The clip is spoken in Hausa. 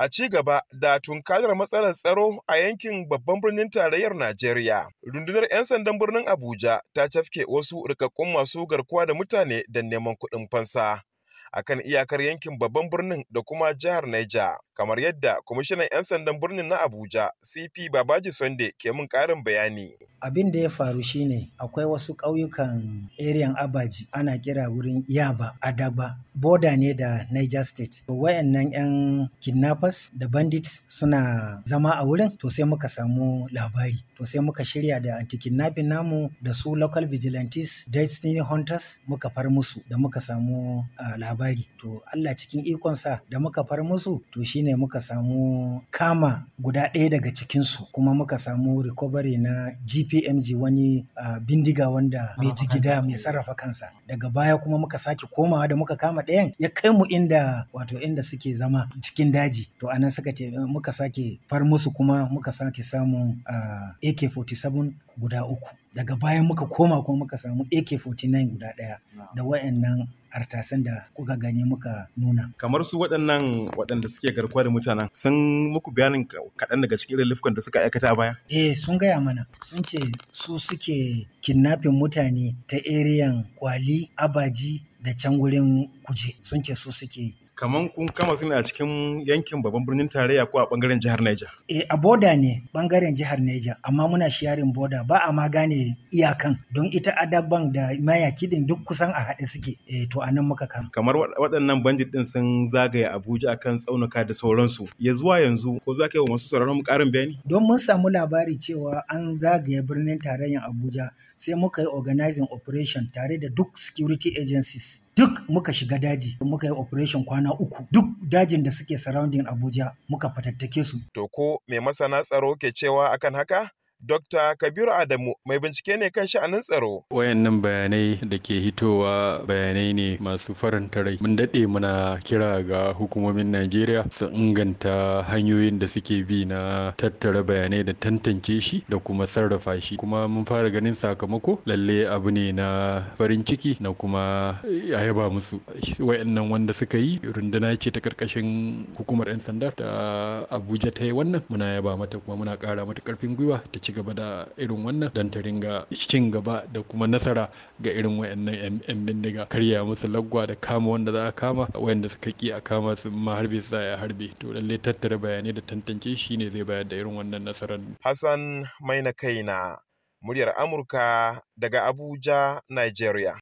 a ci gaba da tunkarar matsalar tsaro a yankin babban birnin tarayyar Najeriya. Rundunar 'yan sandan birnin Abuja ta cafke wasu rikakkun masu garkuwa da mutane da neman kuɗin fansa. akan iyakar yankin babban birnin da kuma jihar Niger. Kamar yadda kwamishinan 'yan sandan birnin na Abuja CP Babaji Sunday ke mun ƙarin bayani. Abin da ya faru shine akwai wasu ƙauyukan eriyan Abaji ana kira wurin Yaba, Adaba, boda ne da Niger State. Wayannan 'yan kidnappers da bandits suna zama a wurin to sai muka samu labari. To sai muka shirya da anti-kidnapping namu da su local vigilantes, destiny hunters muka far musu da muka samu ah, labari. labari to Allah cikin ikonsa da muka far musu to shine muka samu kama guda ɗaya daga cikinsu kuma muka samu recovery na GPMG wani uh, bindiga wanda mai gida mai sarrafa kansa daga baya kuma muka sake komawa da muka kama ɗayan ya kai mu inda wato inda suke zama cikin daji to anan suka ce muka sake far musu kuma muka sake samun uh, AK-47 guda uku daga bayan muka koma kuma muka samu ak-49 guda ɗaya da wayannan artasan da kuka gani muka nuna kamar su waɗannan waɗanda suke garkuwa da mutanen sun muku bayanin kaɗan daga cikin lifkon da suka aikata baya eh sun gaya mana sun ce su suke kidnapping mutane ta eriyan kwali abaji da can wurin kuje sun ce su suke kamar kun kama suna a cikin yankin babban birnin tarayya ko a bangaren jihar Niger? Eh a boda ne bangaren jihar Niger amma muna sharin boda ba a ma gane iyakan don ita adaban da mayaki din duk kusan a haɗe suke eh, to to nan muka kama. Kamar waɗannan bandit din sun zagaye Abuja akan tsaunuka da sauransu ya zuwa yanzu ko za ka yi wa masu sauraron mu ƙarin bayani? Don mun samu labari cewa an zagaye birnin tarayyan Abuja sai muka yi organizing operation tare da duk security agencies duk muka shiga daji muka yi operation kwana uku duk dajin da suke surrounding Abuja muka fatattake su. To ko mai masana tsaro ke cewa akan haka? Dr. Kabiru Adamu mai bincike ne kan sha'anin tsaro. Wayannan bayanai da ke hitowa bayanai ne masu faranta rai. Mun daɗe muna kira ga hukumomin Najeriya su inganta hanyoyin da suke bi na tattara bayanai da tantance shi da kuma sarrafa shi. Kuma mun fara ganin sakamako lalle abu ne na farin ciki na kuma a yaba musu. Wayannan wanda suka yi runduna ce ta karkashin hukumar 'yan sanda ta Abuja ta yi wannan muna yaba mata kuma muna ƙara mata ƙarfin gwiwa ta ci ci gaba da irin wannan don ta ringa cikin gaba da kuma nasara ga irin wayannan yan bindiga karya musu lagwa da kama wanda za a kama wayanda suka ki a kama su ma harbe su a harbe to lalle tattara bayanai da tantance shi ne zai bayar da irin wannan nasarar Hassan Maina na muryar Amurka daga Abuja Nigeria